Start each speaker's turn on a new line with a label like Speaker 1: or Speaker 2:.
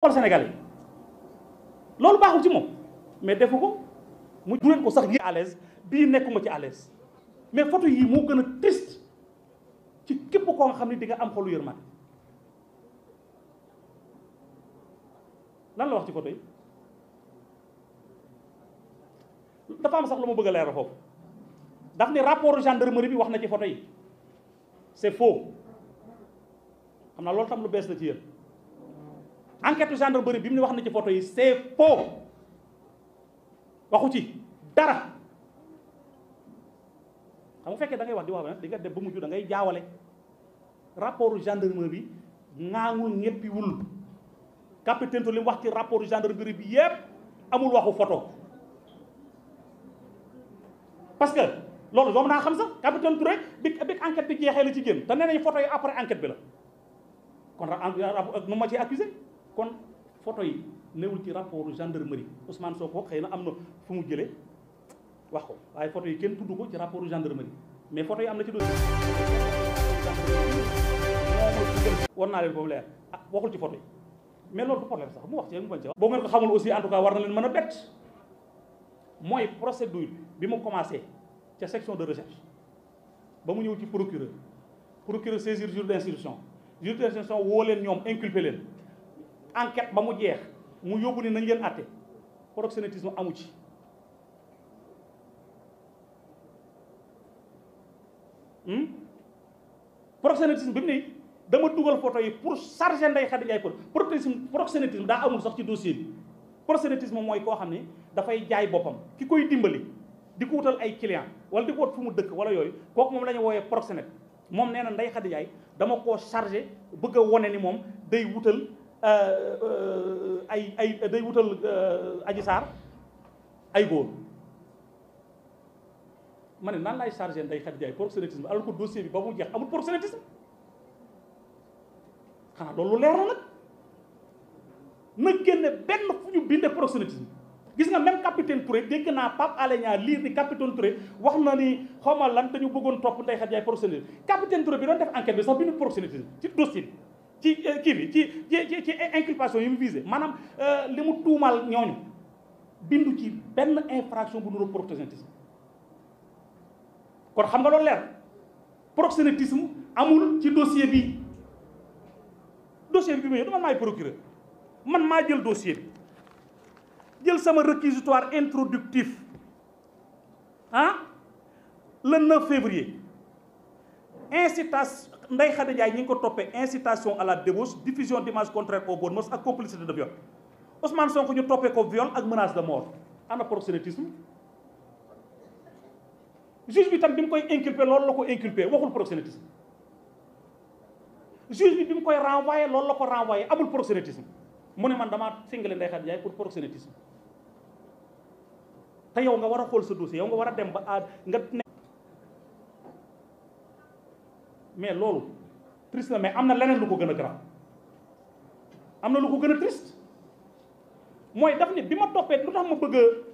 Speaker 1: xool Sénégal yi loolu baaxul ci moom mais defu ko mu du ko sax yéen à bii nekkuma ci à mais photo yii moo gën a triste ci képp koo xam ne di nga am xolu yërmande lan la wax ci photo yi dafa am sax lu ma bëgg a leeral foofu daf ne rapport gendarmerie bi wax na ci photo yi c'est faux xam naa loolu tam lu bees la ci yéen. enquête bëri bi mu ne wax na ci photo yi c'est faux waxu ci dara xam nga fekkee da wax di wax nag di def ba mujj da ngay jaawale rapport gendarmerie bi ŋaangul ñeppiwul capitaine tu li mu wax ci rapport gendarmerie bi yépp amul waxu photo parce que loolu doom naa xam sax capitaine Touré bi bi enquête bi jeexee la ci te nee nañ photo yi après enquête bi la kon nu ma ci accusé kon photo yi newul ci rapport gendarmerie Ousmane Sonko xeyna amna am na fu mu jëlee wax ko waaye photo yi kenn tuddu ko ci rapport gendarmerie mais photo yi amna ci dossier war na len foofu leer waxul ci photo yi mais loolu problème sax mu wax ci mu bañ ci wax boo ngeen ko xamul aussi en tout cas war na len meuna bet moy procédure bi mu commencé ca section de recherche ba mu ñew ci procureur procureur saisir juge d'instruction juge d'instruction wo len ñom inculper len enquête ba mu jeex mu yóbbu ne nañ leen àtte proxénétisme amu ci hmm? proxénétisme bi mu ne dama dugal photo yi pour charger Ndeye Khady Ndiaye pour proxénétisme daa amul sax ci dossier bi proxénétisme mooy koo xam ni dafay jaay boppam ki koy dimbali di ko wutal ay client wala di ko wut fu mu dëkk wala yooyu kooku moom la ñu wooyee proxénète moom nee na Ndeye Khady Ndiaye dama koo chargé bëgg a wone ni moom day wutal Euh, euh, ay ay day wutal euh, aji saar ay góor ma ne naan laay chargé day xat jaay proxénétisme alors que dossier bi ba mu jeex amul proxénétisme xanaa loolu leer na nag na génne benn fu ñu bindee proxénétisme gis nga même capitaine Touré dégg naa Pape Alé Niang liir ni capitaine Touré wax na ni xaw ma lan dañu bëggoon topp nday xat jaay proxénétisme capitaine Touré bi doon def enquête bi sax bindu proxénétisme ci dossier ci eh, kii bi ci ci ci inculpation yi mu visé maanaam euh, li mu tuumal ñooñu bindu ci benn infraction bu nuru proxénétisme kon xam nga loolu leer proxénétisme amul ci dossier bi dossier bi bi mu ñëw du man maay procureur man maa jël dossier bi jël sama réquisitoire introductif ah le 9 février incitation Ndeye Khady ñi ko incitation à la débauche diffusion d'images contraires aux bonnes mœurs ak complicité de viol Ousmane Sonko ñu topé ko viol ak menace de mort ana proxénétisme juge bi tam bi mu koy inculpé loolu la ko inculpé waxul proxénétisme juge bi bi koy renvoyé loolu la ko renvoyé amul proxénétisme Moni ne man damaa singale Ndeye Khady pour proxénétisme te nga wara a xool sa dossier yow nga wara a dem ba nga mais loolu triste na mais am na leneen lu ko gën a grave am na lu ko gën a triste mooy daf ne bi ma toppee lu tax ma bëgg